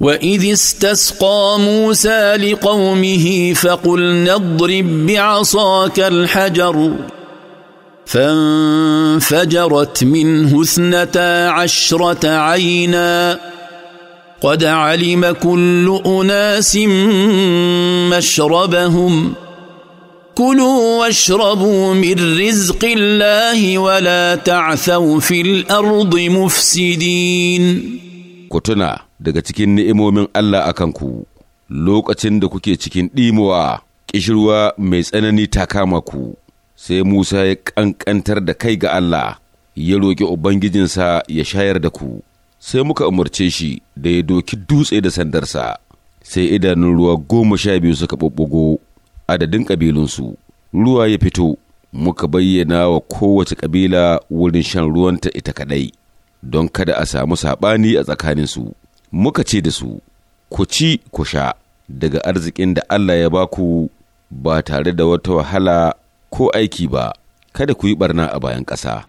واذ استسقى موسى لقومه فقلنا اضرب بعصاك الحجر فانفجرت منه اثنتا عشره عينا قد علم كل اناس مشربهم كلوا واشربوا من رزق الله ولا تعثوا في الارض مفسدين كتنا daga cikin ni'imomin Allah a kanku, lokacin da kuke cikin ɗimuwa, ƙishirwa mai tsanani ta kama ku, sai Musa ya ƙanƙantar da kai ga Allah, ya roƙi Ubangijinsa ya shayar da ku, sai muka umarce shi da ya doki dutse da sandarsa, sai idanun ruwa goma sha biyu suka ɓuɓɓugo adadin ƙabilunsu, ruwa ya fito, muka bayyana wa kowace ƙabila wurin shan ruwanta ita kaɗai, don kada a samu saɓani a tsakaninsu. muka ce da su, Ku ci ku sha daga arzikin da Allah ya baku ba tare da wata wahala ko aiki ba, kada ku yi barna a bayan ƙasa.